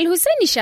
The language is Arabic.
الهسيني شا